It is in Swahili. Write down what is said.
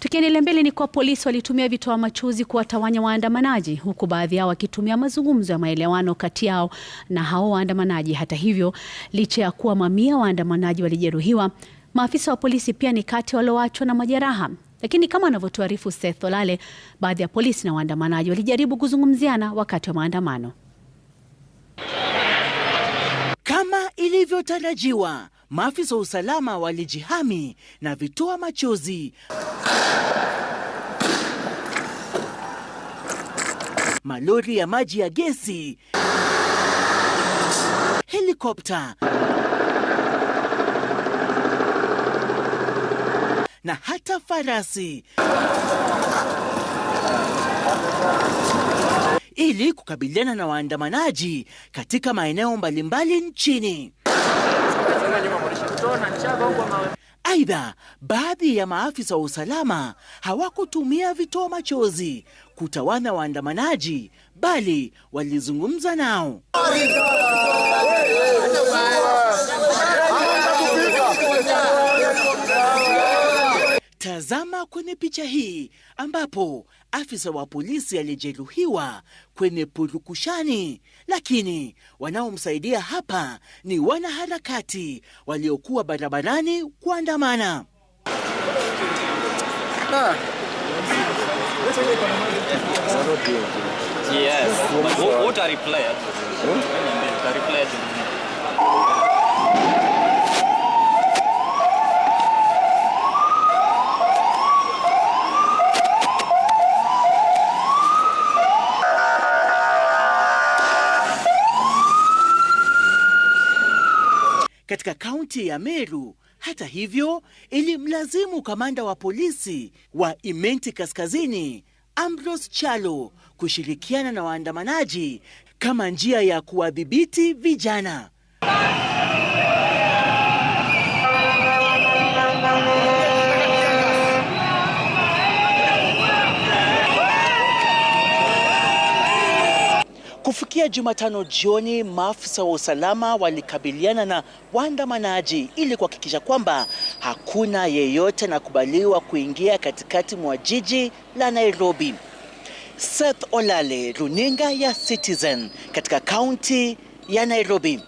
Tukiendelea mbele ni kwa polisi walitumia vitoa machozi kuwatawanya waandamanaji huku baadhi yao wakitumia mazungumzo ya maelewano kati yao na hao waandamanaji. Hata hivyo, licha ya kuwa mamia waandamanaji walijeruhiwa, maafisa wa polisi pia ni kati walioachwa na majeraha. Lakini kama anavyotuarifu Seth Olale, baadhi ya polisi na waandamanaji walijaribu kuzungumziana wakati wa maandamano. Kama ilivyotarajiwa, maafisa wa usalama walijihami na vitoa machozi malori ya maji ya gesi, helikopta na hata farasi ili kukabiliana na waandamanaji katika maeneo mbalimbali nchini. Aidha, baadhi ya maafisa wa usalama hawakutumia vitoa machozi kutawana waandamanaji, bali walizungumza nao. Tazama kwenye picha hii ambapo afisa wa polisi alijeruhiwa kwenye purukushani, lakini wanaomsaidia hapa ni wanaharakati waliokuwa barabarani kuandamana. Ah. Yes, katika kaunti ya Meru. Hata hivyo, ilimlazimu kamanda wa polisi wa Imenti Kaskazini Ambrose Chalo kushirikiana na waandamanaji kama njia ya kuwadhibiti vijana. Kufikia Jumatano jioni, maafisa wa usalama walikabiliana na waandamanaji ili kuhakikisha kwamba hakuna yeyote anakubaliwa kuingia katikati mwa jiji la Nairobi. Seth Olale, runinga ya Citizen katika kaunti ya Nairobi.